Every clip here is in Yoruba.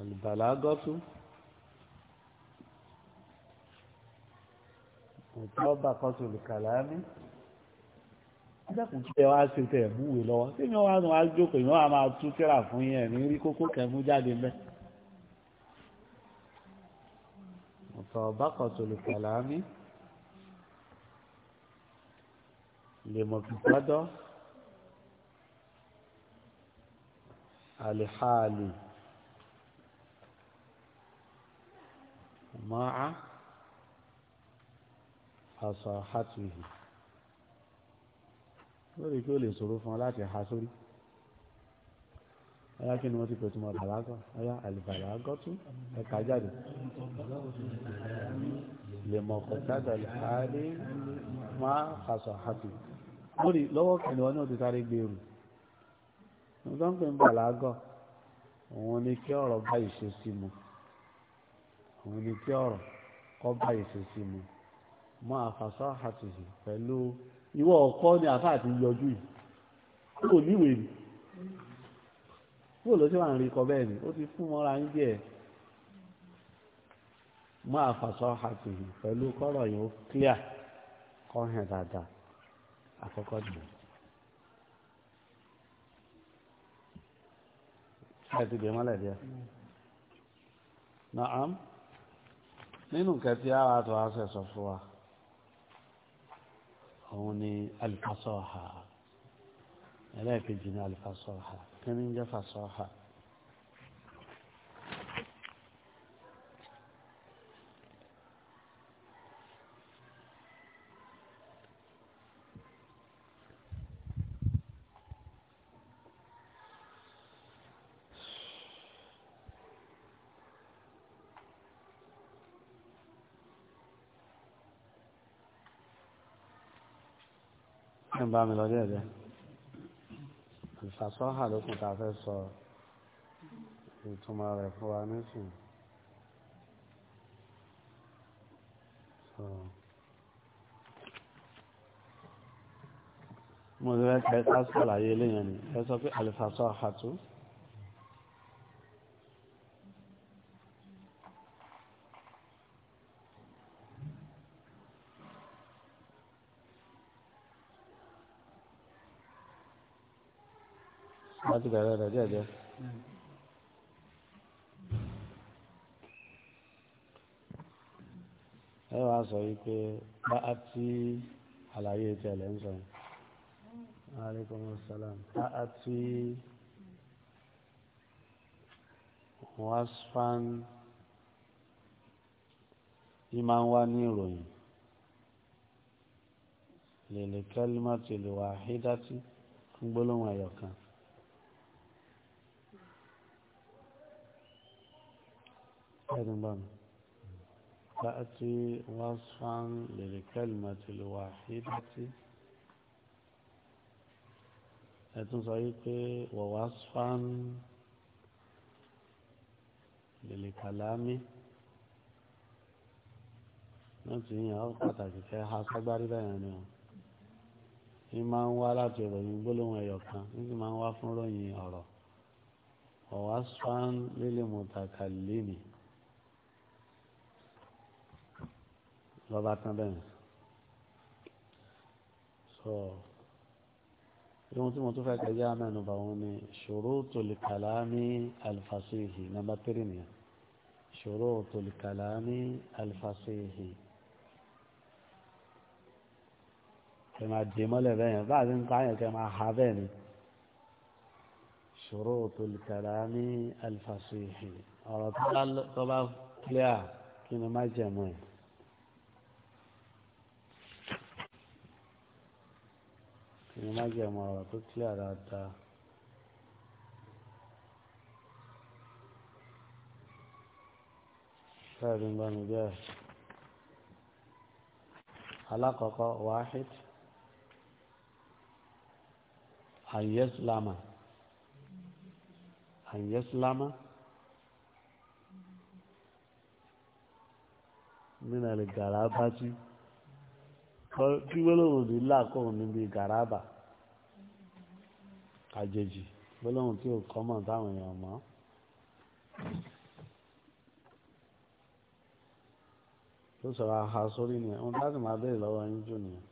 àlùbàlágọ́tù òtọ́ọ̀bà kọ́tù lùkàlámì adákùn tí ẹ wá ṣe tẹ múwèé lọ́wọ́ tí mi wá nù wá jókòó ìwọ́n a máa tú tírà fún yẹn ní rí kókó kẹmú jáde mẹ́. òtọ́ọ̀bà kọ́tù lùkàlámì lèmọ̀kìtàdọ́ àlìhàlì. مع aṣọ àhátùhì كل kí ó lè ṣòro fún ọ láti ha sórí ẹyá kí ni wọ́n ti pè túmọ̀ bàlágọ́ ẹyá àlìbàlágọ́ tún ẹ̀ka jáde lè mọ̀ kọ̀tàdà lẹ́hàálẹ́ máa aṣọ àhátùhì lórí lọ́wọ́ kan ni wọ́n ti sáré gbèrú nígbà ń ń bàlágọ́ òun ni kí ọ̀rọ̀ bá ìṣesí mu. òun ọrọ kọba ọ̀rọ̀ ma mu mọ àfàṣọ àtìsí pẹ̀lú ọkọ ni àfa ati yọjú yìí kúrò níwèé ni o ló ti wà ń rí kọ bẹ́ẹ̀ ni ó ti fún mọ́ra ń jẹ́ mọ àfàṣọ àtìsí pẹ̀lú yìí ó clear kọ́ hàn dáadáa àkọ́kọ́ dùn. Ṣé ti dè mọ́lẹ̀ mm. nínú nǹkan tí àwọn àtọ̀ àṣẹ sọ fún wa òun ni alifasọ́ha ẹlẹ́ẹ̀kejì ní alifasọ́ha kí ni ń jẹ́ fasọ́ha. ń bá mi lọ díẹ̀ díẹ̀ ìfàsọ́hà ló kù tá sọ ìtumọ̀ rẹ̀ fún wa nísìn mo ti fẹ́ ká sọ̀rọ̀ ayé eléyàn ni ẹ sọ pé àlìfàsọ́hà tó. ti bẹ̀rẹ̀ rẹ̀ díẹ̀ díẹ̀. ẹ wá sọ yìí pé bá a ti àlàyé tẹ̀lé ń sọ yìí. aleykum salaam bá a ti wasfan yìí ń wá ní ìròyìn lèlè kẹ́límọ́tì lè wà hídátì gbólóhùn ẹ̀yọ̀ kan. أيضا تأتي وصفا للكلمة الواحدة أتنصيك ووصفا للكلام نتيجة أو قطعك كي حاسة باربا يعني إما ولا تبين بلوم يوكا إما وفن رأيي أرى ووصفا للمتكلمين lọ́ba tán bẹ́ẹ̀ sọ ohun tí mo tún fẹ́ kẹjá mẹ́nuba òun ni shurutul kalami al-fasihi nàmbà tírì nìyẹn shurutul kalami al-fasihi kẹ máa dè mọ́lẹ̀ bẹ́ẹ̀ yẹn báyìí ń káyọ̀ kẹ máa ha bẹ́ẹ̀ ni shurutul kalami al-fasihi ọ̀rọ̀ tó bá kílíà kí ni má jẹ̀mọ́ yìí. ìyẹn má jẹ́ ọmọ ọ̀rọ̀ tó clear dáadáa. sáàbì ń bá mi bẹ́ẹ̀. alákọ̀ọ́kọ́ wahid ayéṣlámà ayéṣlámà nínú ẹ̀lẹ́gàrà bá jí. kọ kí gbólóhùn ní ńlá kọ níbi gàràbà àjèjì gbólóhùn tí ò kọ́mọ̀ táwọn èèyàn mọ̀. tó sọ̀rọ̀ aha sórí ni ohun tá a sì máa bẹ̀rẹ̀ lọ́wọ́ yín jù nìyẹn.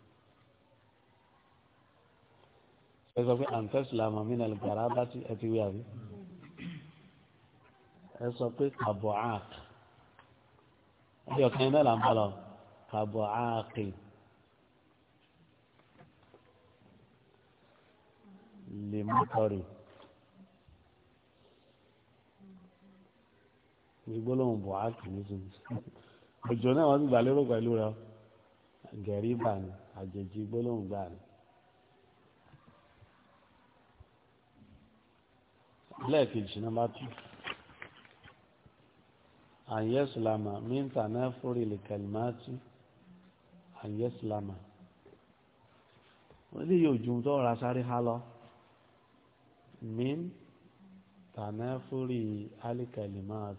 ẹ sọ pé àǹtẹ̀sílámù mí nàlẹ́ gàràbà tí ẹ ti wí àbí. ẹ sọ pé kàbọ̀ áàkì ẹ yọ̀ kẹ́hìn náà là ń bá lọ kàbọ̀ áàkì. lè mú tọrì gbígbólóhùn buhari nísìnyí òjò náà wọn ti gbà lérò pẹ̀lú rẹ̀ gẹrí bà ní àjèjì gbólóhùn gbà ní. lẹ́ẹ̀kejì nọ́mbà tù àyẹ́sùlámà mínta náà fúri lè kẹlìmáàtì àyẹ́sùlámà wọ́n lè yọjú tó rà sáré há lọ. من تنافر الكلمات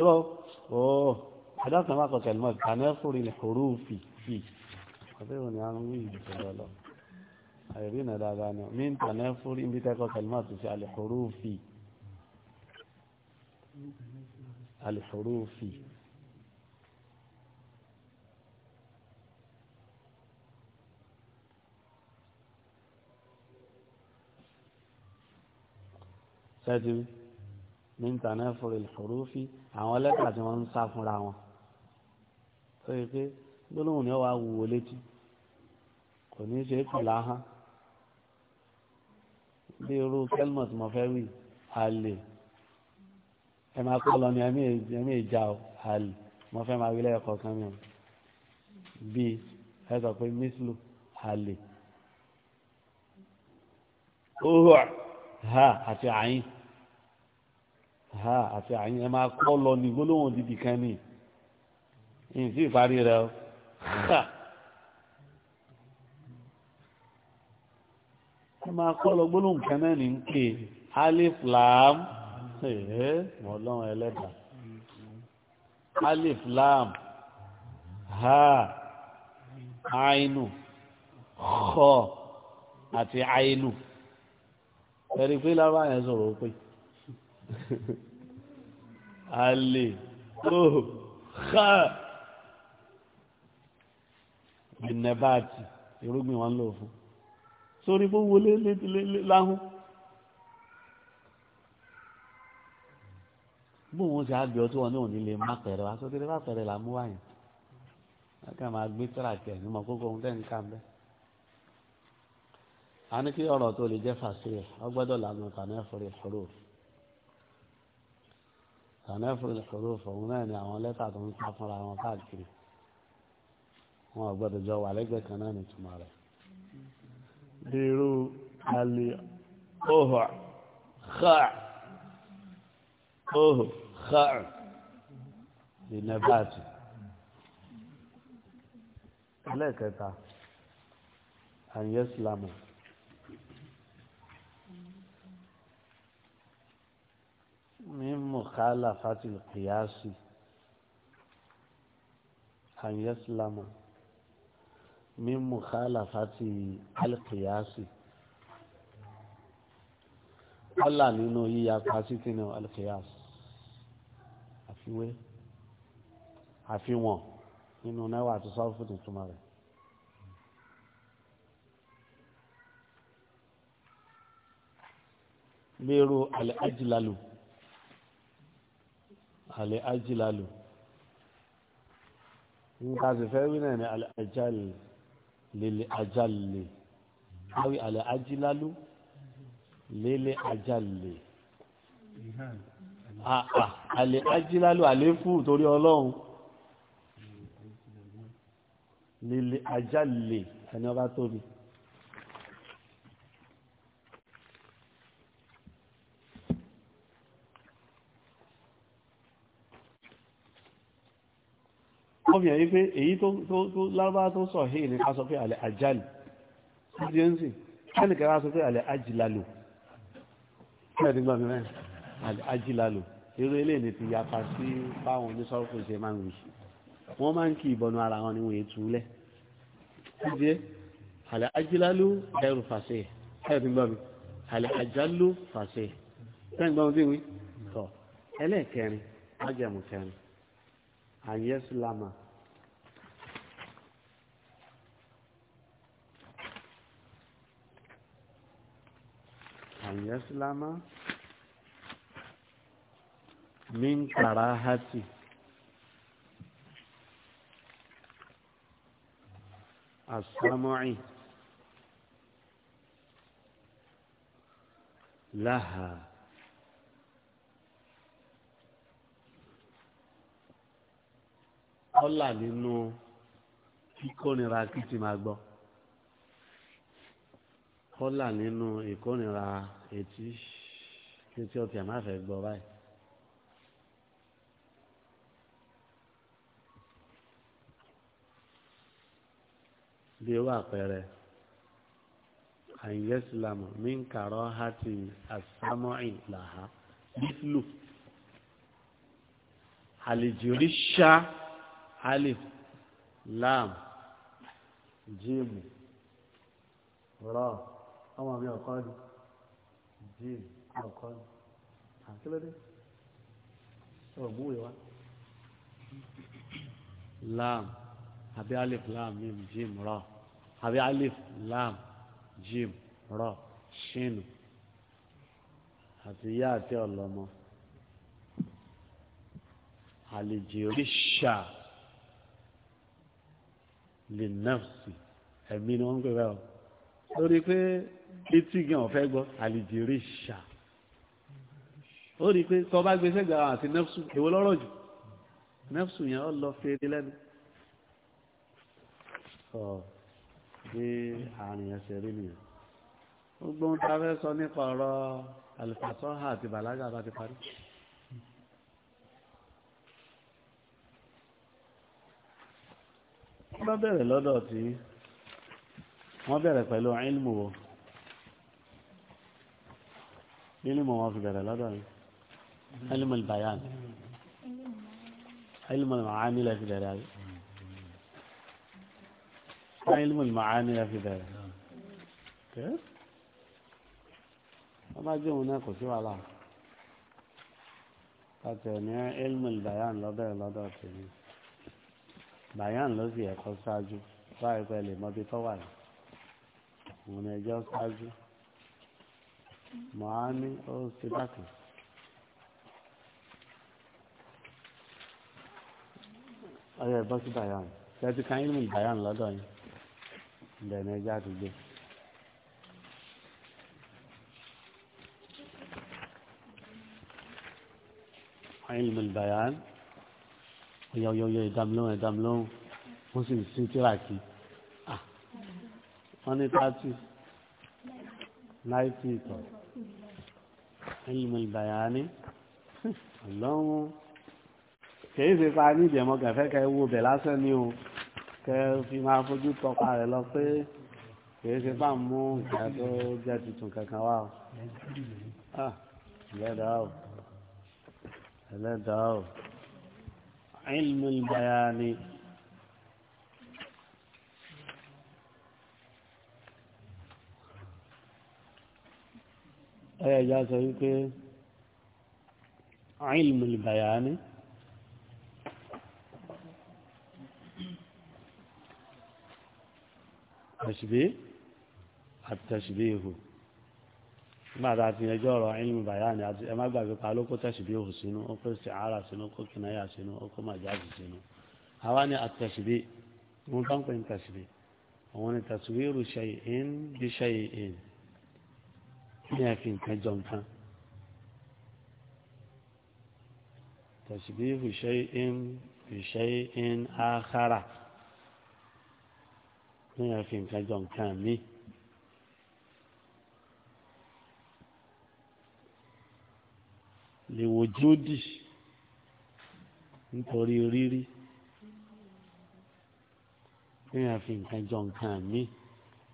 اوه حضرتنا معكم يعني كلمات تنافر الحروف يعني في حضرتنا يا عمي الله عيرين لا دانو من تنافر ان بتاكو كلمات في الحروف الحروف sẹ́tì ní ìtànà fúru ìfòrúfì àwọn lẹ́tà tí wọ́n ń sá fúnra wọn tó yẹ pé gbólóhùn ni ó wà wúwo létí kò ní í ṣe é pìlà hán bí irú kelmot mo fẹ́ wí àlè ẹ máa kọ́ lọ ní ẹ̀mí ìjà o àlè mo máa wí lẹ́ẹ̀kọ́ kan mi bíi ẹ sọ pé mislu àlè. Ohuwa ha àti àyín ha àti àyìn ẹ máa kọ́ lọ ní gbólóhùn dídì kan ní ìyìn sí ìparí rẹ o ẹ máa kọ́ lọ gbólóhùn kan náà ní ké alif lam ẹ ọlọ́run ẹlẹ́dàá alif lam ha ainu kọ àti ainu ẹ̀rí pé lábàáyẹn sọ̀rọ̀ pé alè ó oh, xa ìnẹ̀bàtì irúgbìn wọn lò fún sórí fún wọlé láhùn bó wọn ṣe àgbẹ̀ ọtí wọn ní òní lè má pẹ̀rẹ̀ wá sókè má pẹ̀rẹ̀ là mú wáyé lákà máa gbé tíráàkì ẹ̀ ní mọ kókó ohun tẹ́ni ká bẹ́ẹ̀. a ní kí ọ̀rọ̀ tó lè jẹ́ fàṣẹ ọgbọ́dọ̀ lànà tàná ẹ̀fọ́rẹ́ ìṣòro sànẹ́fù ìlẹ̀kọ̀rọ̀fọ̀ òun náà ni àwọn lẹ́tà tó ń sá fúnra wọn káàkiri wọn gbọ́dọ̀ jọ wà lẹ́gbẹ̀ẹ́ kan náà nìtumọ̀ rẹ̀ irú alì ohò xáà ohò xáà ìnẹ́bàtì ẹlẹ́kẹta àyẹ́sìlámù. من مخالفة القياس أن يسلم من مخالفة القياس ọlà nínú yíya pàṣítì náà alkiyas àfiwé àfiwọ̀n nínú náwà àti sọ́fù tuntun rẹ̀ lérò alẹ́ ajílálù àlẹ́ ajílálù nígbà tí fẹ́ wí náà ní àlẹ́ ajálè lélẹ̀ ajálè àwí àlẹ́ ajílálù lélẹ̀ ajálè àlẹ́ ajílálù àléfù torí ọlọ́run lélẹ̀ ajálè ẹni ọba tóbi. wọ́n fi hàn yí pé èyí tó lárúbá tó sọ hí ni ká sọ pé àlẹ́ àjálù sídíẹ́nsì kẹ́ni kẹ́ra sọ pé àlẹ́ àjìlálò kẹ́ni gbà mí mẹ́rin àlẹ́ àjìlálò eré ilé ni ti yapa sí báwọn oníṣọ́rọ́kù ṣe máa ń wí wọ́n máa ń kí ìbọnú ara wọn ni wọ́n ètò lẹ̀ sídíẹ́ àlẹ́ àjìlálò ẹrù fàṣẹ kẹ́ni gbà mí àlẹ́ àjálù fàṣẹ kẹ́ni gbà mí bí wí ẹlẹ́ẹ̀kẹrin ájẹmù kẹrin àyẹ́sìlámà àyẹ́sílámá من karahati asamu'i laha ọlà nínú kíkónira kí ti máa gbọ́ kọ́là nínú ìkórìíra etí kí tí ọtí àmà fẹ́ gbọ́ báyìí. bí ó wà pẹrẹ àyẹsìlámù mí ń kàrọ hàtì àsámọ́ìn làhá bíflù àlìjìríṣà alif lam jíìmù rọ ọmọ mi ọkọ ni jíìn ọkọ ni àkílódé ọgbọ́n ìwà lam àbí alif lam mim jim ra àbí alif lam jim ra ṣínu àti yá àti ọlọmọ àlejò oríṣà lè nafsi ẹ̀mí ni wọ́n ń pè báyọ̀ lórí pé etí gan ọ̀fẹ́ gbọ́ àlìjèrè ṣà ó rí i pé tọ́ bá gbé sẹ́gbẹ̀ẹ́ àwọn àti nẹ́fṣù èwo lọ́rọ̀ jù nẹ́fṣù yẹn ó lọ fèrè lẹ́nu sọ bí àárín ẹsẹ̀ rí nìyẹn ó gbóhùn tá a fẹ́ sọ nípa ọ̀rọ̀ àlùfàṣọ́hà àti bàlágà bá ti parí. wọ́n bẹ̀rẹ̀ lọ́dọ̀ tí wọ́n bẹ̀rẹ̀ pẹ̀lú ilmu wo. علم وافقر لا علم البيان علم المعاني لا في ذلك علم المعاني لا في ذلك كيف؟ وما جاء هناك سوى الله أتني علم البيان لا ده لا ده أتني بيان لا زي أقول ساجو فايق لي ما بيتوالي ونجاز ساجو màá ní ó ṣe bákan. ọyọ ìbọn sí bayan tẹtí kan yín mú bayan lọ́dọ̀ yín ìdẹ̀nà ẹja ti gbé. علم البيان يو يو يو يدملون يدملون wọ́n sì ń sin tíráàkì ah. wọ́n ní thirty ninety ìtọ́ ilmu ìbàyàní lọ́wọ́ kìí ṣe pa ní ìjẹ̀mọ́ kẹfẹ́ kẹ wo bẹ̀ lásán ni o kẹ fi máa fojú tọpa rẹ lọ pé kìí ṣe bá mú nǹkan tó jẹ́ tuntun kankan wá o ẹlẹ́dàá ilmu ìbàyàní. ẹ̀yà ìjà sọ wípé ilmu al-bayani tashbih at-tashbihu nígbàtà àti ẹjọ́ ọ̀rọ̀ ilmu al-bayani àti ẹ má gbàgbé pa lókó tashbihu sínú ó kó isti'ara sínú ó kó kinaya sínú ó kó majazi sínú àwa ni at wọn bá ń pè ní tashbih àwọn ni taswiru shay'in bi shay'in kí ni ẹ fi nǹkan jọ nǹkan. tẹ̀síbí ìṣe ń ìṣe ń áhárà kí ni ẹ fi nǹkan jọ nǹkan mi. lè wojú nítorí rírí kí ni nǹkan jọ nǹkan mi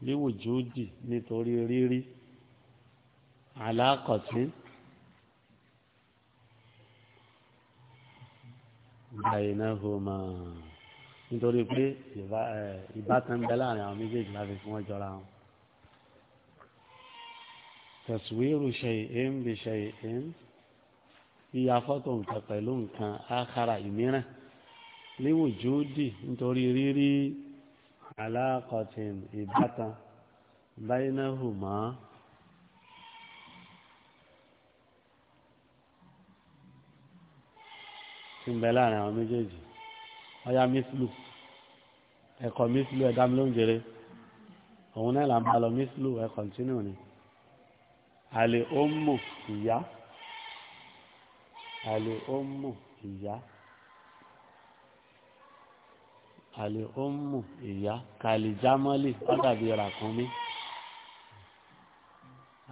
léwòjú dì nítorí rírí alákọ̀tún bàyìnàhùmá nítorí pé ìbátan ń bẹ láàrin àwọn méjèèjì láti fún wọn jọra wọn. tẹ̀síwìrù ṣẹ̀yìn bí ṣẹ̀yìn yíya fọ́tò nǹkan pẹ̀lú nǹkan ákàrà ìmíràn léwòjúdì nítorí rírí alákọ̀tún ìbátan bàyìnàhùmá. tí ń bẹ láàrin àwọn méjèèjì ọya mísìlù ẹ̀kọ́ mísìlù ẹ̀dá mi ló ń jèrè òun náà là ń bá lọ mísìlù ẹ̀ kọ̀ǹtínú ni àlè ó ń mù ìyá àlè ó ń mù ìyá àlè ó ń mù ìyá kàlì jámọ́lì ọ̀dàbí ràkúnmí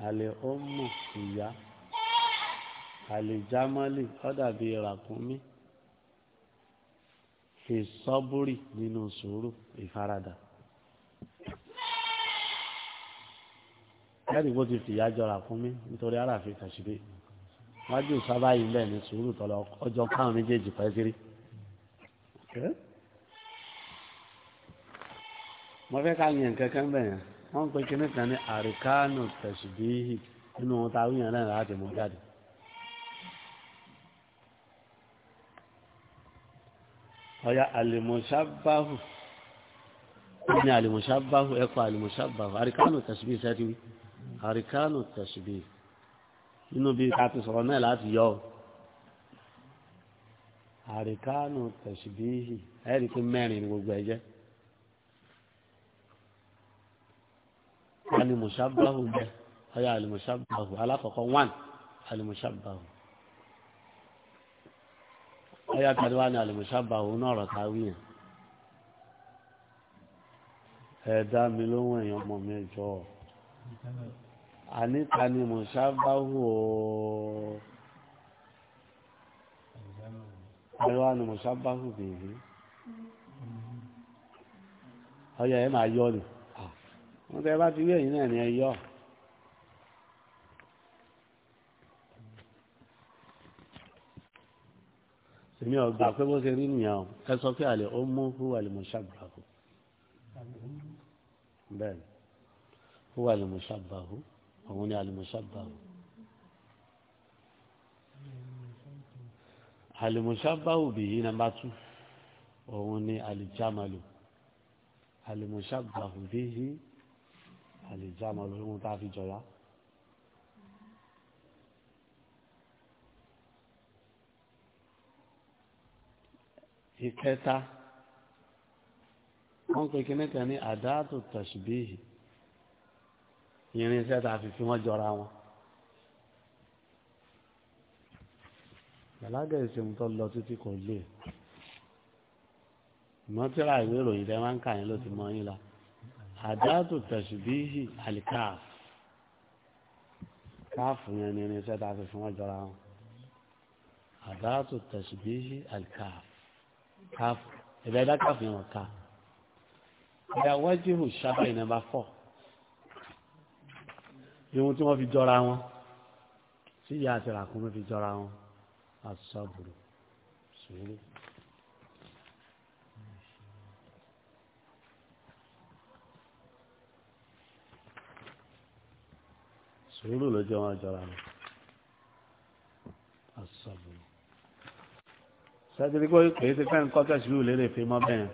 àlè ó ń mù ìyá kàlì jámọ́lì ọ̀dàbí ràkúnmí. fi sọ́búrì nínú sùúrù ìfaradà. lẹ́yìn bó ti fìyà jọra fún mi nítorí aráàfin kàṣíbí wájú sábà yìí bẹ́ẹ̀ ni sùúrù tọ́lọ ọjọ́ káwọn méjèèjì pẹ́ sírí. mo fẹ́ ká yẹn kankan bẹ̀ yẹn wọ́n ń pe kan ní àríkánù ọ̀yà àlèmọ̀ṣábáhù ní àlèmọ̀ṣábáhù ẹ̀kọ́ àlèmọ̀ṣábáhù àríkánù tẹ̀síbí sẹ́tìwí àríkánù tẹ̀síbí nínú bí ká ti sọ̀rọ̀ náà láti yọ àríkánù tẹ̀síbí ẹ̀rí pé mẹ́rin ni gbogbo ẹ̀jẹ̀ àlèmọ̀ṣábáhù bẹ́ẹ̀ ọ̀yà àlèmọ̀ṣábáhù alákọ̀ọ́kọ́ one àlèmọ̀ṣábáhù ọyá kan wá ní àlùmọ̀sábà òun náà rọ̀ káwí yẹn ẹ dá mi lóhùn èèyàn ọmọ mi jọ àníta ni mọ̀sábà wò ó àríwá ni mọ̀sábà wò bèbí ọyá ẹ máa yọ ni wọ́n tẹ́ bá ti rí ẹ̀yìn náà ni ẹ yọ. èmi ọgbà pé bó ṣe rí nìyà o ẹ sọ pé àlè ó mú húwà lè mọ ṣàgbàhù bẹ́ẹ̀ ni húwà lè mọ ṣàgbàhù òun ni àlè mọ ṣàgbàhù. àlèmọ̀ṣàbáwò bìí nàmbà tù òun ni àlìjámalò àlèmọ̀ṣàbáwò bìí àlìjámalò ohun tá a fi jọra. ìkẹta wọ́n pe kíní kan ní àdáàtò tàṣìbíhì irinṣẹ́ tá a fi fi wọ́n jọra wọn. bàlágà ìṣègùn tó lọ títí kò lè mọ́tíra ìwé ìròyìn tẹ́ máa ń kà yín ló ti mọ yín la àdáàtò tàṣìbíhì àlìkáàf káàfù yẹn ni irinṣẹ́ tá fi fi wọ́n jọra wọn àdáàtò tàṣìbíhì àlìkáàf káf ẹ̀dá ẹ̀dá káf yẹn wọ̀n ká ẹ̀dá wájú hù ṣábà yìí nàbà fọ̀ ihun tí wọ́n fi jọra wọn tí ìyá àti ràkúnmí fi jọra wọn asọ́bùrù sùúrù. sùúrù ló jẹ́ wọn jọra wọn asọ́bùrù sẹ́tìrí pé kìí ti fẹ́ nǹkan tẹ̀síwò lè lè fi mọ́ bẹ́ẹ̀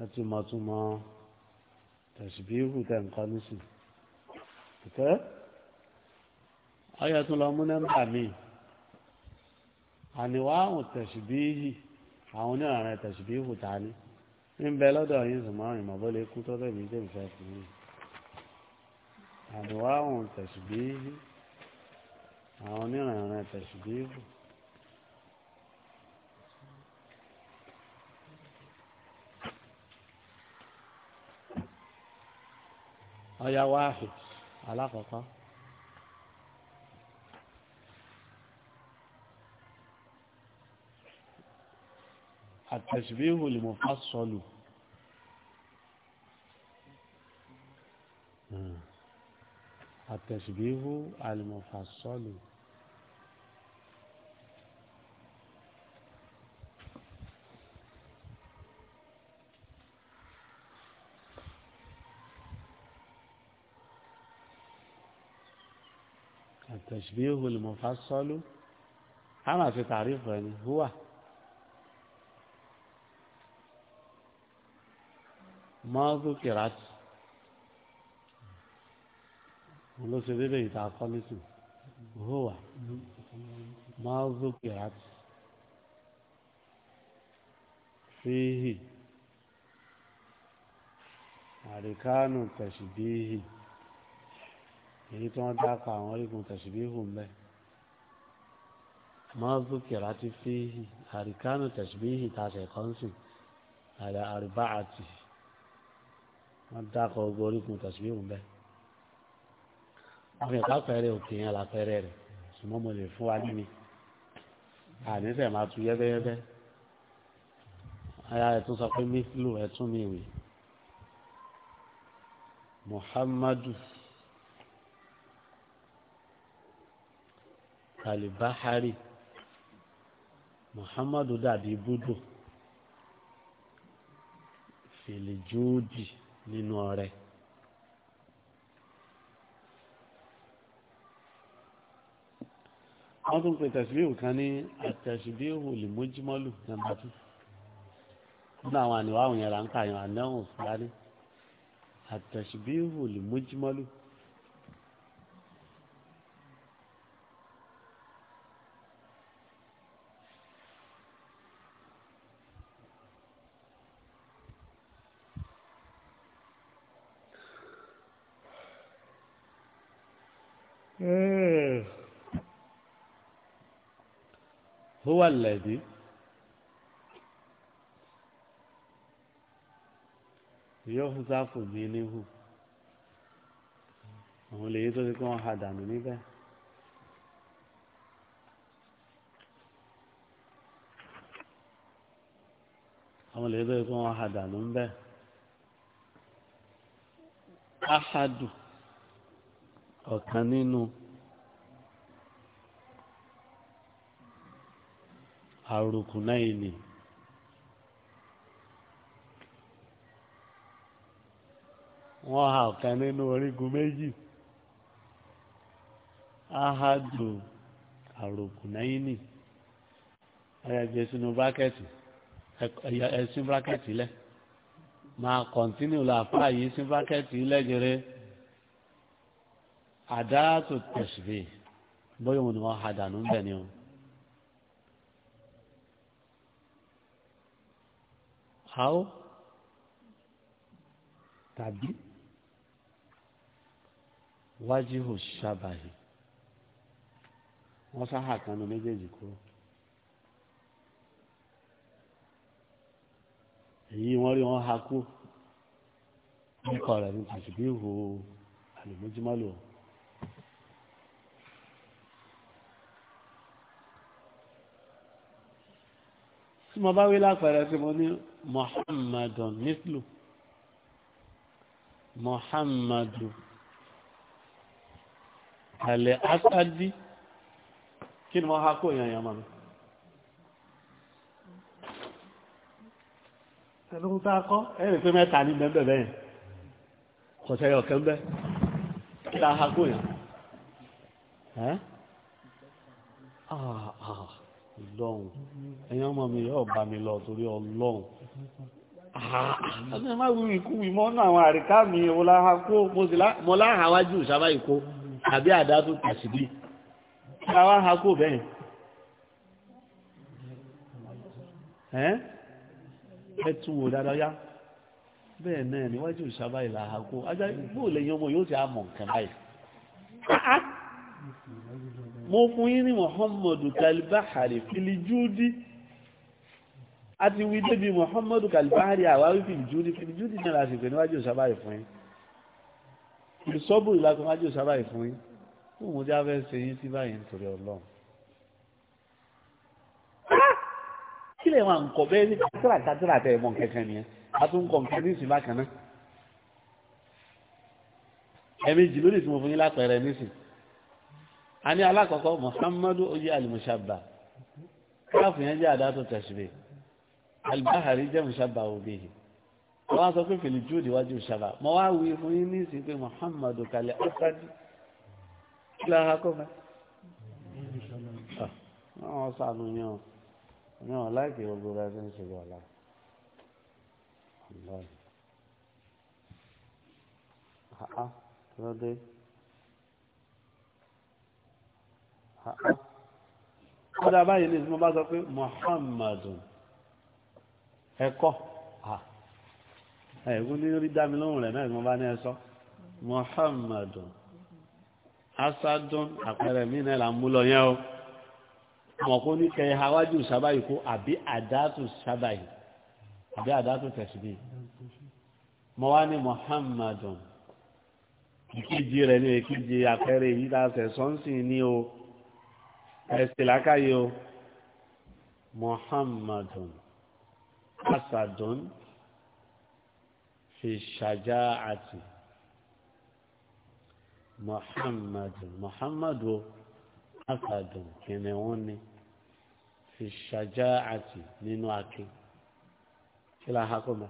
ẹ ti mọ̀ tún mọ́ tẹ̀síbíhù tẹ̀ nǹkan nísìn tẹ́ ọyọ tún lọ mú nẹ́mbà mi àníwá àwọn tẹ̀síbíhì àwọn onírànà tẹ̀síbíhù ta ni ń bẹ lọ́dọ̀ yín sì mọ́ ìmọ̀ bó lè kú tọ́tẹ̀ mi tẹ̀ ń fẹ́ fún mi àníwá àwọn tẹ̀síbíhì àwọn onírànràn tẹ̀síbíìbù. ọ̀yà wáhì alákọ̀ọ́kọ́. التشبيه المفصل التشبيه المفصل التشبيه المفصل أما في تعريف يعني هو ما ذكرت والله سيدي بيت اسمه هو ما ذكرت فيه أركان يعني التشبيه èyí tí wọ́n dákọ̀ àwọn orígun tẹ̀síbíhù ń bẹ́ mọ́ọ́dún kìlá ti fi àríkánù tẹ̀síbíhì tàṣẹ kọ́ńsìn àlẹ́ àrùbá àti wọ́n dákọ̀ ogun orígun tẹ̀síbíhù ń bẹ́ wọ́n fi kápẹ́rẹ́ òkè yẹn lápẹ́rẹ́ rẹ̀ ṣùgbọ́n mo lè fún wa níbi àníṣe máa tu yẹ́bẹ́yẹ́bẹ́ aya ẹ̀tún sọ pé mísìlù ẹ̀tún mi wì Muhammadu. kalibahari muhammadu dàbí búdò fìlìjúùdì nínú ọrẹ. wọ́n tún pè tẹ̀síbíhù kan ní àtẹ̀síbíhù lìmójímọ́lù nàmbà tù nínú àwọn àníwáhùn yẹn là ń kà yàn àníwáhùn fúlàní àtẹ̀síbíhù lìmójímọ́lù. الذي يخزف منه òun lè yí tó ti kí wọ́n ha dànù níbẹ̀. àwọn lè yí tó ti kí wọ́n ha dànù níbẹ̀. ahadu ọ̀kan nínú. No. arukunaini wọn ha ọ̀kan nínú orígun méjì ahadu arukunaini ẹgbẹ́ sínú bákẹ́tì ẹ̀sìn bákẹ́tì lẹ́ máa kọ̀ntínú làáfáà yìí bóyá ni wọ́n ha dànù o. how tàbí wájíhù ṣàbàyè wọ́n sáhà kanu méjèèjì kúrò èyí wọ́n rí wọn ha kú nípa rẹ̀ ní tàbí ìhò àlùmọ́júmọ́lò. tí mo bá wí muhammadun mislu muhammadu alẹ́ asadi kí ni wọ́n há kó yẹn yẹn mọ́ mi. ẹ̀lú tá a kọ́ ẹ̀rì pé mẹ́ta ní bẹ́ẹ̀ bẹ́ẹ̀ yẹn kọ̀sẹ̀ yọ̀ kẹ́ńbẹ́ kí la ha kó yẹn ẹ́ ah, ah. ọlọ́run ẹ̀yàn ọmọ mi yóò bá mi lọ torí ọlọ́run ọdún ẹ̀ má wí ikú wí mọ́nú àwọn àríká mi ìwòláha kó mọ́láha wájú ìsábà ìkó àbí àdá tó tàṣì bí káwá ha kó bẹ́ẹ̀ ẹ́ ẹ tún wò dáadáa yá bẹ́ẹ̀ náà níwájú ìsábà ìlàha kó ajá ìgbó lẹ́yìn ọmọ yóò ti á mọ̀ nǹkan báyìí mo fún yín ní Muhammadu kalibahari filijudi a ti wí débi muhammadu kalibahari àwárí fìjúdi fìjúdi náà láti pè níwájú ìsábàáyì fún yín ìsọ́bù ìlàkùn níwájú ìsábàáyì fún yín fún òun tí a fẹ́ ṣe yín sí báyìí nítorí ọlọ́run. Ah! kí lè máa ń kọ bẹ́ẹ̀ ní kátírà kátírà tẹ ẹ̀mọ́ kẹ̀kẹ́ nìyẹn a tún kọ̀ nǹkan ní ìsìn bákan náà. ẹ̀mejì lónìí tí mo fún yín lápẹẹrẹ nísìn a ní alákọ̀ọ́kọ́ muhammadu oyè alimusaba káàfù yẹn jẹ́ àdá tó tẹ̀síbẹ̀ẹ́ alibahari jẹ́ mùsàbà òbí yìí wọ́n á sọ pé fèlè jù níwájú mùsàbà mọ́ wá wí fún yín ní ìsìn pé muhammadu kalẹ̀ ọ́sàdì kí lára kọ́ mẹ́. Ah, wọ́n sànù yẹn o yẹn o láìpẹ́ gbogbo rẹ̀ ṣe ń ṣe wọ̀lá. Ha-ha, kí ló dé? Ha-ha. Kọ́dà báyìí ni mo bá sọ pé Muhammadu ẹ̀kọ́ ẹ̀gún ní rí dámi lóhùn rẹ̀ náà ni mo bá ní ẹ̀sọ́ muhammadu asadun àpẹẹrẹ mi náà là ń mú lọ yẹn o mọ̀ kó ní kẹyìn awájú sábàyì kó àbí àdáàtú sábàyì àbí àdáàtú tẹ̀síbí mo wá ní muhammadu ìkíji rẹ̀ ní ìkíji àpẹẹrẹ yìí la ṣẹ̀ ní o ẹ̀sìn làákàyè o muhammadu asadun fi ṣajaati muhammadu muhammadu asadun kìnìún ni fi ṣajaati nínú akin kí la ha kó mẹ.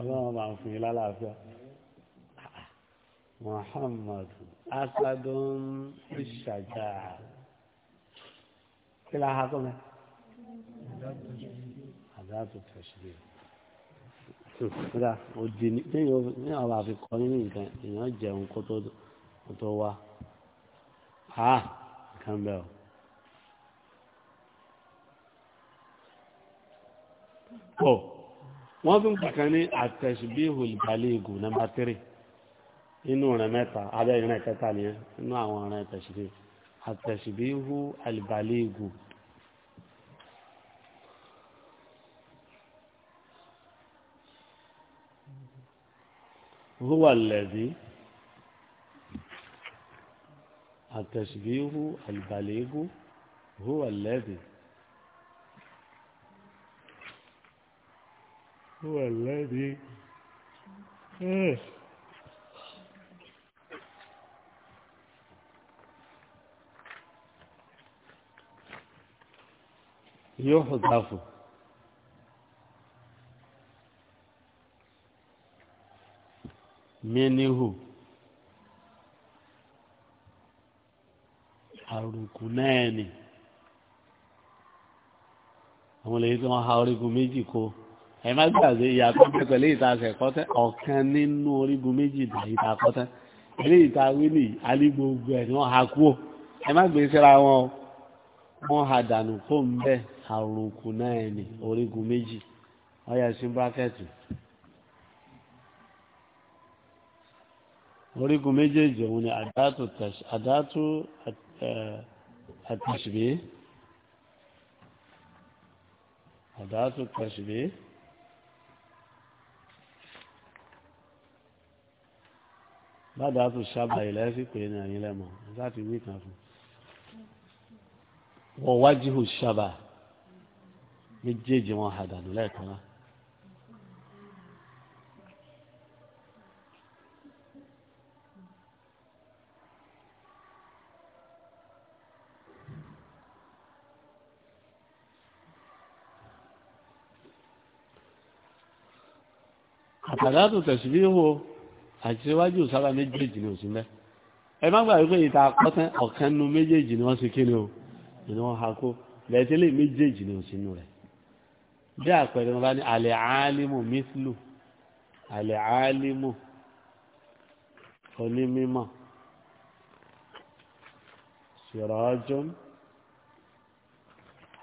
ọlọ́run máa ń fún yín lálàáfíà muhammadu asadun fi ṣajaati kí la ha tó mẹ́. àdáàtò tẹ̀sílẹ̀ kódà òdì ní ọba àfikọ́ nínú nǹkan èèyàn jẹun kó tó wá ha nǹkan bẹ́ẹ̀ o. pọ̀ wọ́n tún kàkan ní àtẹ̀síbíhù ìbàlẹ̀ ìgò nọ́mbà tírì nínú mẹ́ta abẹ́ ìrìn kẹta nìyẹn nínú àwọn ọ̀rẹ́ tẹ̀síbíhù. التشبيه البليغ هو الذي التشبيه البليغ هو الذي هو الذي ايه yóò hàn káfù. mẹ́nihu àrùkù náà ni àwọn lèyí tí wọ́n ha orígun méjì kó ẹ má gbàgbé ìyàtọ̀ bẹ́ẹ̀ pẹ̀lú ìtaṣẹ̀ kọ́tẹ́ ọ̀kan nínú orígun méjì dàí ta kọ́tẹ́ ilé ìta wílì alígbogbo ẹ̀ ni wọ́n ha kú ẹ má gbé síra wọn wọ́n ha dànù kó bẹ́ẹ̀. àròkù náà ni orígun méjì ọyà sí bírákẹ́tì orígun méjèèjì òun ni àdátù àtàṣìbí àdátù àtàṣìbí. bàdà tó sábà ilẹ̀ fi pè ní àyìnlẹ́mọ̀ láti wí kan fún wọ́n wájú méjèèjì wọn hà dànù lẹ́ẹ̀kan náà. àtàlátò tẹ̀síbíhò àtiwájú sábà méjèèjì ni òsì mẹ́ ẹ má gbà wípé ìta akọ́tán ọ̀kan nu méjèèjì ni wọ́n ṣe kéde o ìnáwó hako lẹ́tẹ́lẹ̀ méjèèjì ni òsì nù rẹ̀ bí àpẹẹrẹ wọn bá ní àlẹ́ àálímù mísìlù àlẹ́ àálímù onímímọ̀ sirajun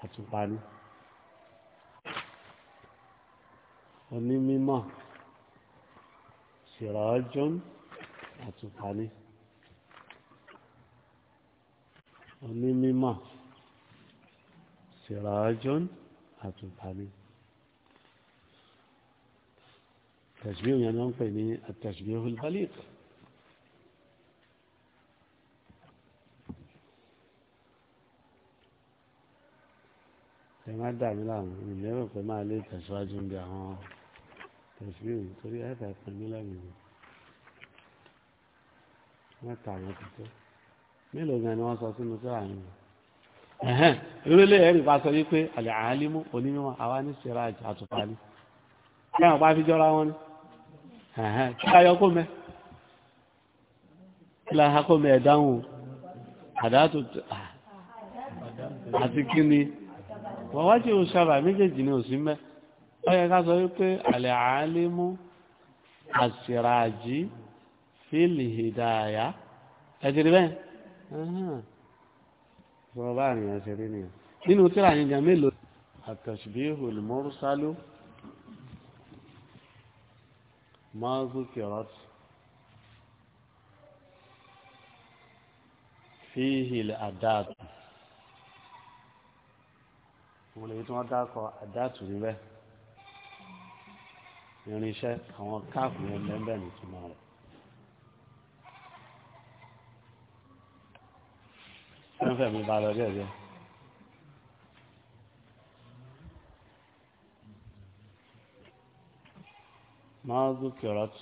àtùpani onímímọ̀ sirajun àtùpani onímímọ̀ sirajun àtùpani. tẹ̀síbí yẹn ni wọ́n ń pè ní tẹ̀síbí olùbálẹ̀ ẹ má dà mí láàmú ìlérò pé máa lè tẹ̀síwájú bí àwọn tẹ̀síbí yìí torí ẹ̀ka pè mí lẹ́mìí mẹ́ta àwọn ti tó mélòó gan ni wọ́n sọ sínú sọ́ra yìí ẹ̀hẹ́n ìrólé ẹ̀rì bá sọ wípé àlẹ́ àálímú onímọ̀ àwa ní sẹ́ra àtùpá ni kí àwọn bá fi jọra wọn ni kí la yọ kó mẹ́ kí la ha kó mẹ́ ẹ̀dáhùn àdátò àti kí ni wọ́n wá tí ó sábà méjèèjì ní òsì mẹ́ ó yẹ ká sọ wípé àlẹ́ àálímú àsìràjì fílì hìdáyà ẹ̀tìrì bẹ́ẹ̀ sọ bá àrìyàn ṣe rí nínú tíra àyíjà mélòó àtọ̀ṣbíhùl mọ́rúsálú ما ذكرت فيه الأداة wọ́n lè fi tí wọ́n dákọ̀ àdáàtú níbẹ̀ irinṣẹ́ àwọn káàpù yẹn lẹ́ńbẹ̀ nìtumọ̀ rẹ̀. fẹ́ńfẹ̀ mi ba lọ díẹ̀ díẹ̀. ما ذكرت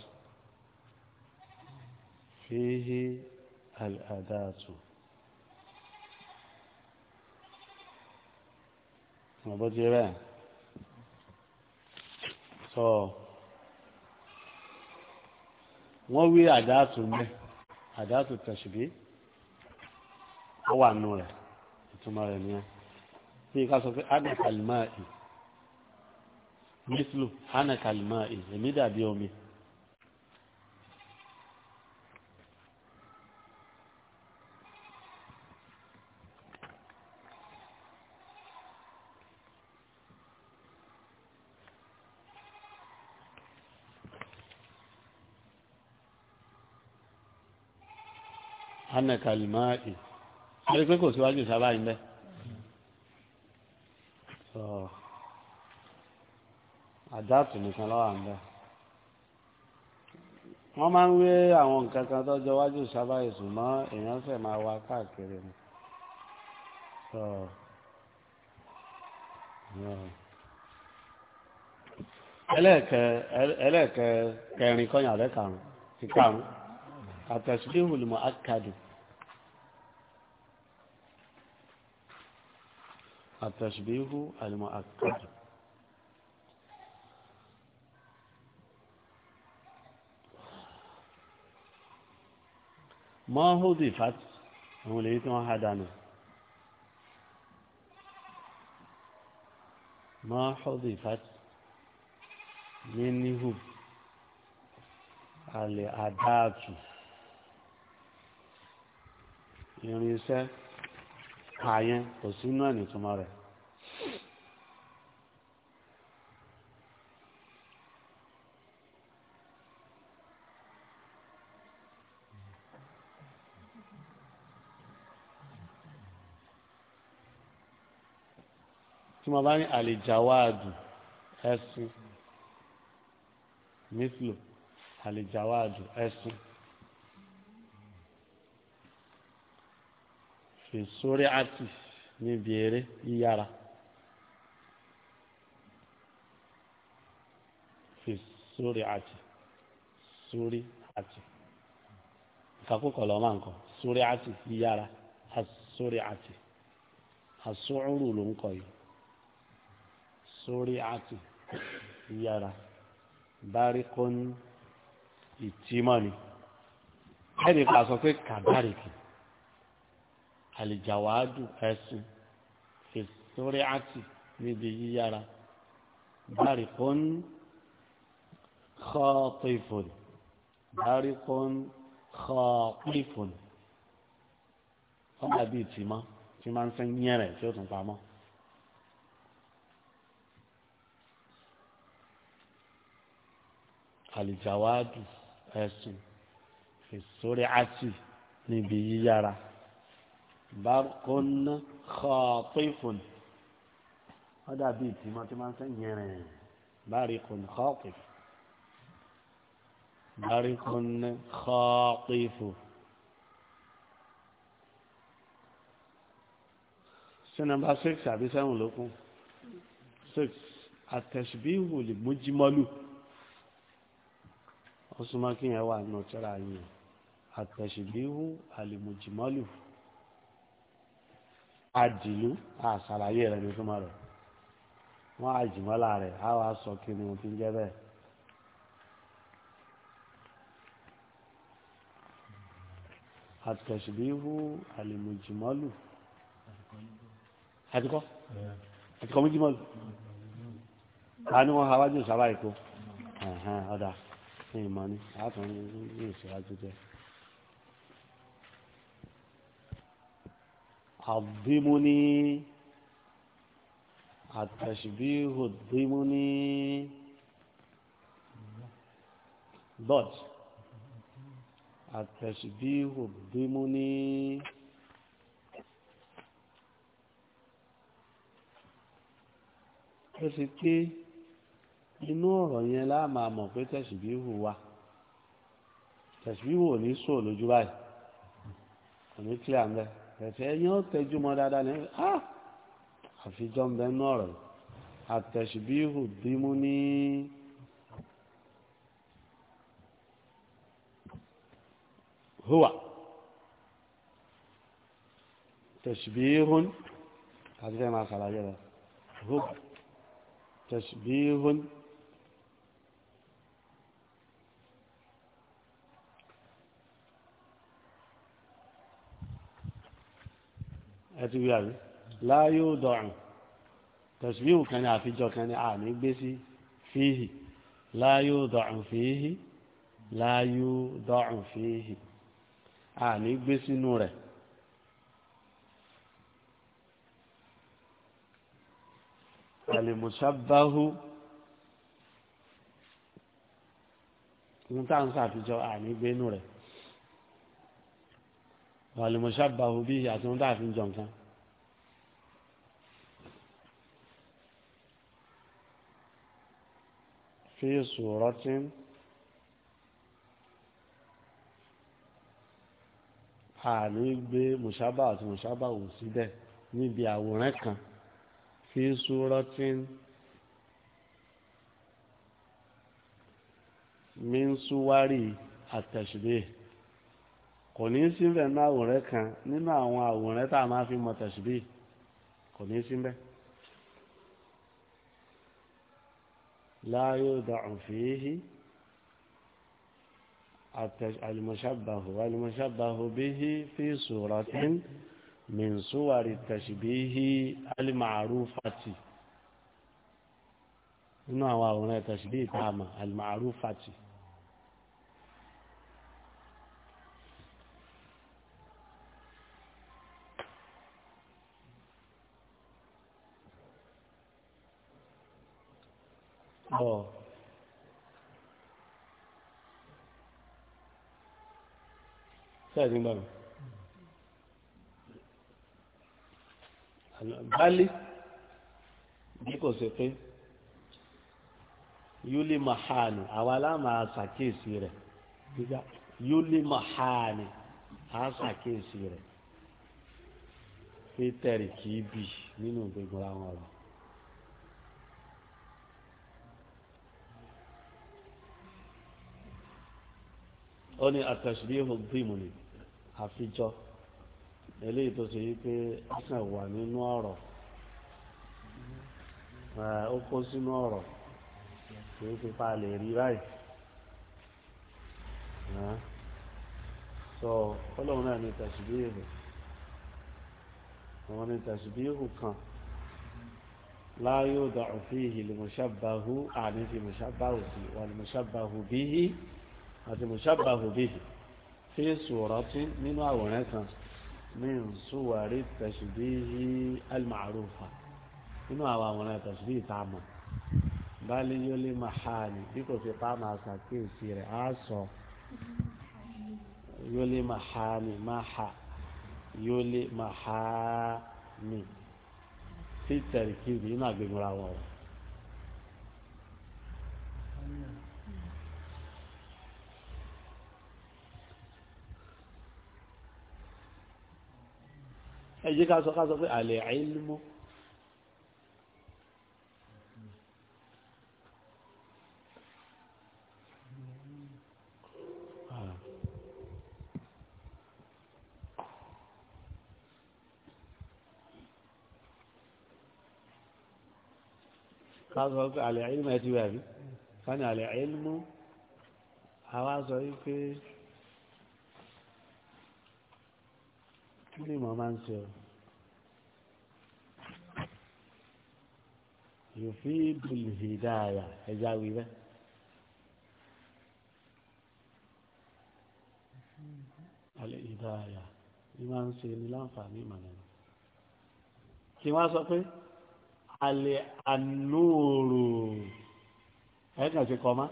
فيه الأداة نبدي بقى so wọ́n wí àdáàtú mẹ́ àdáàtú tẹ̀síbí ó wà nù rẹ̀ ìtumọ̀ rẹ̀ nìyẹn bí ká sọ pé adé kalimá yìí mislu ana kalima èmi dàbí omi. ana kalima ẹ ẹ rí pé kò síwájú sábà yín bẹ́ẹ̀. àdáàtù nìkan lọ́wọ́ àǹdá wọ́n máa ń wé àwọn nǹkan kan tọ́jọ́ wájú sábàyè ṣùgbọ́n èèyàn máa wá káàkiri ni ẹlẹ́ẹ̀kẹ́ kẹrin kọ́yìn àlẹ́ karùn-ún ti karùn-ún àtẹ̀sílẹ̀ ìhùlùmọ̀ mọ́hódì ìfàtì àwọn olèyí tí wọ́n há dànù mọ́hódì ìfàtì níníhù alẹ́ àdáàtù irinṣẹ́ kààyàn kò sínú ẹ̀ nìtumọ̀ rẹ̀ tí mo bá ní àlèjáwáàdù ẹ̀sìn mísìlò àlèjáwáàdù ẹ̀sìn fèsórí àti níbi eré yíyára fèsórí àti sórí àti ìkàkùkọ̀ lọ́mọ nǹkan sórí àti yíyára àsórí àti àsóòrù ló ń kọ yìí sórí àti yàrá bárikún ìtìmọ́ni ẹnì kan sọ pé kàbárìkì àlìjàwádù ẹ̀sùn fèsórí àti níbi yíyára bárikún xọ́ọ̀tìfòn bárikún xọ́ọ̀tìfòn ọmọ àbí ìtìmọ́ tí máa ń sẹ́ ń tí ó tún pamọ́. àlìjáwádù ẹ̀sùn ìsórí àti níbi yíyára barkun khatifun wọ́n dàbí ìtìmọ́ tí máa ń sẹ́yìn rẹ̀ barkun khatif barkun khatifu. sí nàmbà six àbí sẹ́wọ̀n lókun six àtẹ̀síbíhù lè mójímọ́lù ó súnmọ́ wa yẹn wà nínú tírà yìí àtẹ̀síbíhù àlìmùjìmọ́lù àdìlú àṣàlàyé rẹ̀ ní súnmọ́ rẹ̀ wọ́n àjìmọ́là rẹ̀ á wàá sọ kí ni òfin jẹ́ bẹ́ẹ̀. àtẹ̀síbíhù àlìmùjìmọ́lù àtikọ́ àtikọ́ méjìmọ́lù ta ni wọ́n ha wájú sábà èkó ọ̀dà ìmọ̀ ni àtúnrí yóò ṣíwájú jẹ́. àdìmúní àtẹ̀síbíhù dìmúní dọ́j àtẹ̀síbíhù dìmúní. ó ti pé inú ọ̀rọ̀ yẹn láà máa mọ̀ pé tẹ̀síbíhù wa tẹ̀síbíhù ò ní sọ lójú báyìí kò ní kílẹ̀ àmì ẹ̀fẹ́ yẹn ó tẹ́jú mọ́ dáadáa ní á àfijọ́ ń bẹ́ẹ̀ náà rẹ̀ àtẹ̀síbíhù bímú ní. هو تشبيه هذا ما قال هو تشبيه ẹtì wí àbí láàyò dọ̀rùn tẹ̀síwíwù kan ní àfijọ́ kan ní àní gbé sí fíhì láàyò dọ̀rùn fíhì láàyò dọ̀rùn fíhì àní gbé sínú rẹ̀. alimusabahu ń tà ń sàfijọ́ àní gbénu rẹ̀ wàlùmọ̀ṣàbàhù bí àti wọn dáàfin jọ nǹkan. fi sùrọ́tín àní gbé mùṣábà àti mùṣábà wò síbẹ̀ níbi àwòrán kan fi sùrọ́tín min suwari àtẹ̀síbẹ̀ kò ní í síbẹ̀ nínú àwòrán kan nínú àwọn àwòrán tá a máa fi mọ tẹ̀síbí kò ní í síbẹ̀. láyé dàcúfìhì àlùmọ̀ṣàbàhù àlùmọ̀ṣàbàhù bíhì fi sùrọ̀tìn mìsúwárì tẹ̀síbíhì àlùmọ̀àrúfàtì nínú àwọn àwòrán tẹ̀síbí tá a mọ̀ pọ̀ sẹ́ẹ̀dì gbọ́n bali bí kò sí pé yúlí mahani àwa láàmà ṣàkíyèsí rẹ̀ yúlí mahani a ṣàkíyèsí rẹ̀ pétẹ́rì kìí bì nínú gbogbo àwọn ọ̀rọ̀. ó ní àtàṣìbíhù bímù ni àfijọ́ eléyìí tó ṣe wípé ọ̀sán wà nínú ọ̀rọ̀ ó kó sínú ọ̀rọ̀ kì í fi pa lè rí báyìí so ọlọ́run náà ní tàṣìbíhù àwọn ní tàṣìbíhù kan láyé ó dàrú lè mọ̀ṣábàáhù àní mọ̀ṣábàáhù sí wà lè mọ̀ṣábàáhù bíhì àti mùsàbàhù bíi fi sùrọ̀ tí nínú àwòrán kan min suwari tashbihi al-ma'rufa nínú àwọn àwòrán tashbihi tá a mọ̀ bali yoli mahali bí kò fi pa máa ṣàkíyèsí rẹ̀ á sọ yoli mahali maha yoli mahali fi tẹ̀ríkì nínú àgbègbè ra wọn. ẹ ká sọ ká sọ pé àlẹ́ àìlúmọ́ ká sọ pé àlẹ́ àìlúmọ́ ẹ ti wẹ̀ àbí ká ní àlẹ́ àìlúmọ́ àwa sọ wípé. muslim máa ń ṣe yufidul hidaya ẹja wí bẹ́ẹ̀. alẹ́ ìdáyà ní máa ń ṣe ní láǹfààní ìmọ̀nà ni kí wọ́n sọ pé alẹ́ ànúòrò ẹ̀kàn sí kọ́má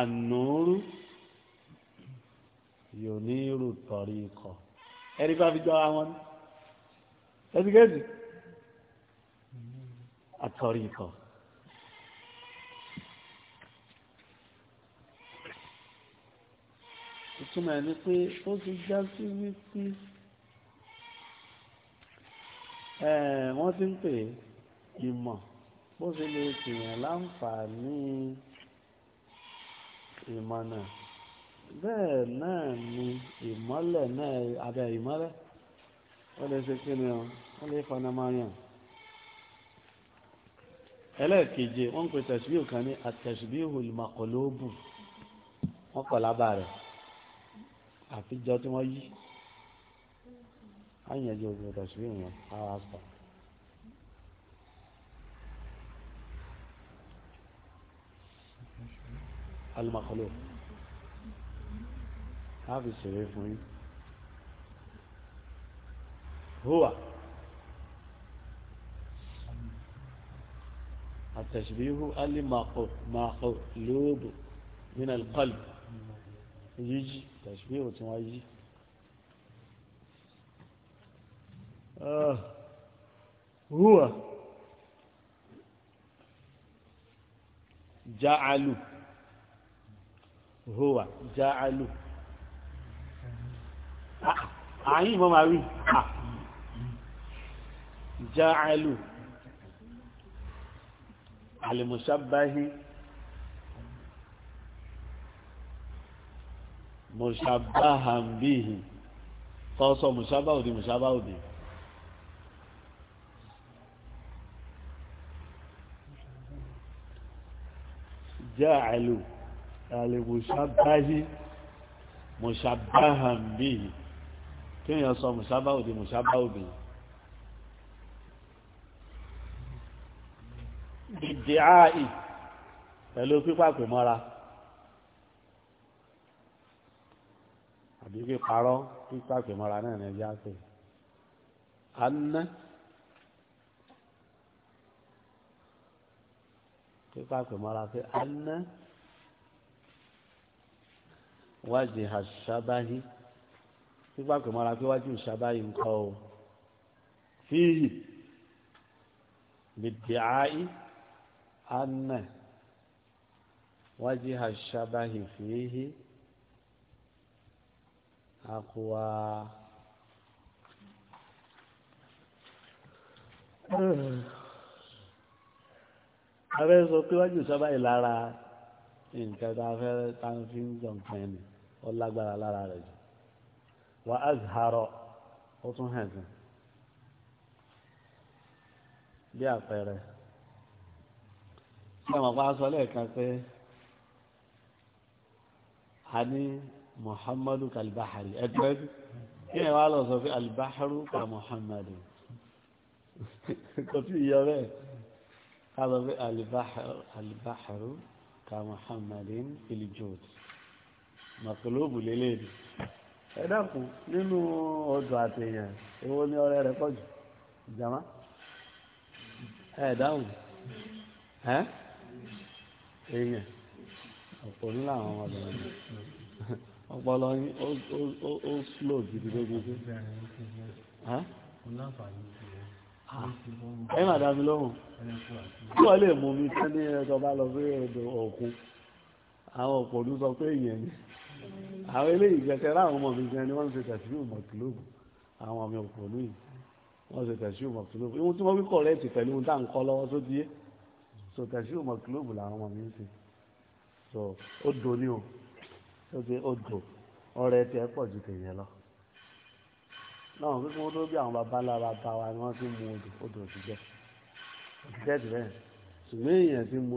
ànúòrò yóò ní irú tọ̀rí ikọ̀ ẹ̀rí bá fi jọra wọn ní ẹ̀sìgẹ́sì àtọ̀rí ikọ̀ ìtumọ̀ ẹni pé ó ti já sí wípé wọ́n ti ń pè ìmọ̀ bó ṣe lè tìyàn láǹfààní ìmọ̀ náà bẹ́ẹ̀ náà ni ìmọ́lẹ̀ náà abẹ́ ìmọ́lẹ̀ ó lè ṣe kí ni ọ ó lè fọnà máa yàn ẹlẹ́ẹ̀keje wọ́n ń pè tẹ̀síbíhù kan ní àtẹ̀síbíhù ìmọ̀kọ̀lóòbù wọ́n kọ̀ lábà rẹ̀ àfijọ́ tí wọ́n yí áyànjú ògùn tẹ̀síbíhù yẹn ara sọ. المخلوق الشريف مهم هو التشبيه قلوب من القلب يجي تشبيه وتما يجي آه هو جعل هو جعل àyìn mọ́ máa rí ja'alu alimushabahi mushabahambihi tọ́sọ musaba òdì musaba òdì ja'alu alimushabahi mushabahambihi kéèyàn sọ mùsábà òdì mùsábà òdì dìde áì pẹ̀lú pípàpè mọ́ra àbí píparọ́ pípàpè mọ́ra náà ní ẹjá pé a ná pípàpè mọ́ra pé a wájì àṣàbáyé nígbà pé mọ́ra pé wájú ìṣàbá yìí ń kọ́ ọ fíyì bìtì àáyí anà wájú ìṣàbá yìí fíyì àkùwà. abẹ́ sọ pé wájú ìṣàbá yìí lára nǹkan tá a fẹ́ tá a fi ń jọ nǹkan ẹni ó lágbára lára rẹ̀ jù wà á zàrọ̀ ó tún hàn sí bí àpẹẹrẹ ṣé àwọn àpá aṣọ lẹ́ẹ̀kan pé a ní muhammadu kalbahari ẹgbẹ́ kí ẹ wá lọ sọ pé albaharu ka muhammadu kò tí ì yọ bẹ́ẹ̀ ká lọ pé albaharu ka muhammadin filijot makolobu lélẹ́yìn ẹ dákun nínú ọdún àtẹ̀yàn èwo ni ọ̀rẹ́ rẹ̀ pọ̀ jù jàmá ẹ dáhùn ẹ èèyàn ọ̀pọ̀ ńlá àwọn ọmọbìnrin ọpọlọ yín ó slow gidi lójú pé ah. ẹ má dá mi lóhùn kí wọ́n lè mú mi tán ní ẹ̀rọ tó bá lọ sí ọ̀dọ̀ òkun àwọn ọ̀pọ̀ ọdún sọ pé èèyàn ni àwọn eléyìí gẹ̀ẹ́sẹ̀ láwọn ọmọ mi gan ni wọ́n ń ṣe tẹ̀síwò mọ̀tìlógún àwọn ọmọ òpònú yìí wọ́n ṣe tẹ̀síwò mọ̀tìlógún ìwọ̀n tí wọ́n wí kọ̀rẹ́ẹ̀tì pẹ̀lú ohun tá à ń kọ́ lọ́wọ́ tó di é so tẹ̀síwò mọ̀tìlógún làwọn ọmọ mi ń ṣe so ó do ní o ó ṣe ó do ọ̀rẹ́ tiẹ̀ pọ̀ ju tèèyàn lọ náà pé kí wọ́n tó bí àwọn baba ńlá bàbá wa ni wọ́n ti mú odò odò òṣìṣẹ́ àtìkẹ́ẹ̀tì rẹ̀ ṣùgbọ́n èèyàn ti mú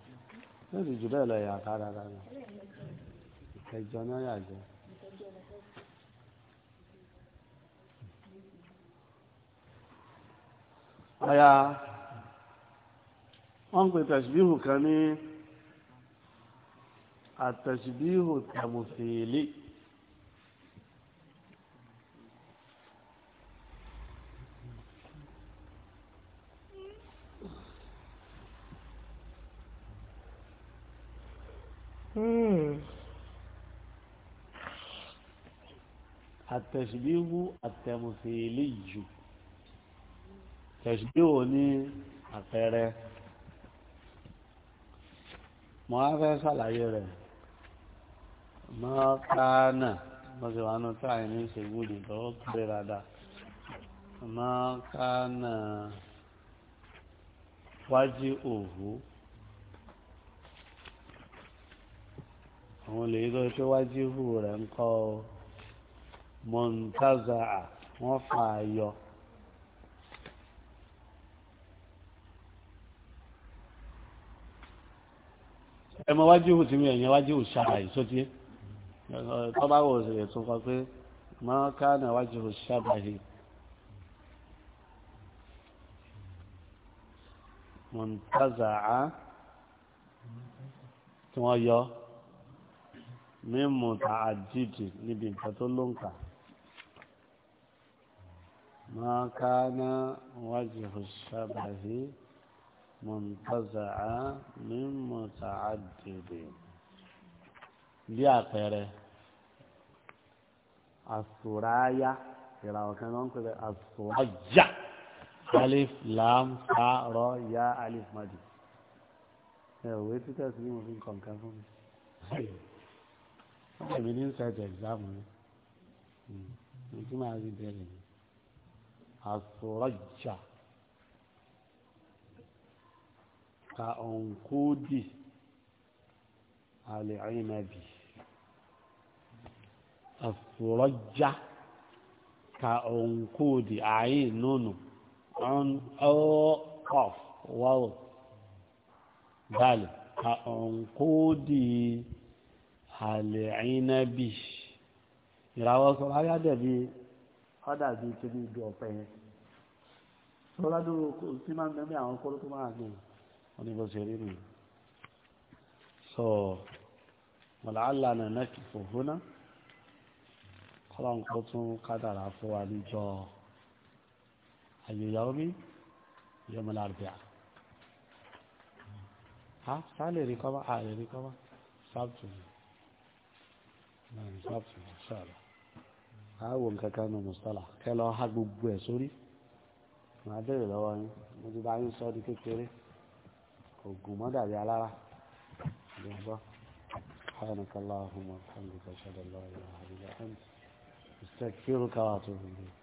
yóò sì jù bẹ́ẹ̀ lọ yà ká rárá rẹ̀ ìkẹjọ náà yà jẹ́. ọ̀yà wọ́n ń pè tẹ̀síbíhù kan ní àtẹ̀síbíhù tẹ̀mùfèèlì. àtẹ̀síbíhù àtẹ̀mùsílì jù tẹ̀síbíhù ní àpẹẹrẹ mo á fẹ́ ṣàlàyé rẹ̀ mọ́kánà mo sì wà nù táyì ní ṣègùdì tó kéré dáadáa mọ́kánà wájú òhùn. àwọn lè lọ pé wájíhù rẹ̀ ń kọ́ mọ̀ntàzà wọ́n fà á ẹ mọ wájíhù tí mi ẹ̀yẹn wájíhù ṣàbàyí sóti tọ́ba wo òṣèré tó kọ pé máa ká náà wájíhù ṣàbàyí. mọ̀ntàzà tí wọ́n yọ mímu ta àjíjì níbi nǹkan tó ló ń kà máa ká ná wájú ṣàbàhí mọ̀ntàzàá mímu ta àjíjì bí àpẹẹrẹ àsùráyá ìràwọ̀ kan ló ń pè àsùráyá alif lam sa rọ ya alif madi ẹ òwe títẹ̀ sí ni mo fi kọ̀ǹkan fún mi wọ́n dàbí ní sẹ́ẹ̀tì ẹ̀gzámù ni hmm. ní tí màá rí bẹ́ẹ̀rẹ̀ ni àsọ̀rọ̀jà ka ọ̀nkódì alẹ́ ẹ̀yìnàbì àsọ̀rọ̀jà ka ọ̀nkódì àyìn nùnù ọ̀nkọ́f wọ́ọ̀ balẹ̀ ka ọ̀nkódì àlẹ́ẹ̀ẹ́nẹ́bì ìràwọ̀ sọ̀rọ̀ ayádẹ̀bí ọ̀dà bí i kébí ibi ọ̀pẹ yẹn sọ́ládù tí máa ń bẹ́ẹ̀ àwọn kóró tó máa gbìn wọn ni bó ṣe rí nìyí sọ mọ̀láàlá nànà kì fòfúnà kọ́lọ́ǹkọ́ tún kádàrà fún wa níjọ́ àyèyàwó mi yọmọlá àrùbíà ha sáà lè rí kọ́ bá àlè rí kọ́ bá sáà tù àwọ̀ nǹkan kan nù mùsùlùmá kẹ lọ ha gbogbo ẹ̀ sórí màá bèrè lọ́wọ́ yín mo ti bá yín sọ di kékeré oògùn mọ́ dàbí alára ló ń bọ́ سبحانك اللهم وبحمدك اشهد ان لا اله الا انت استغفرك واتوب اليك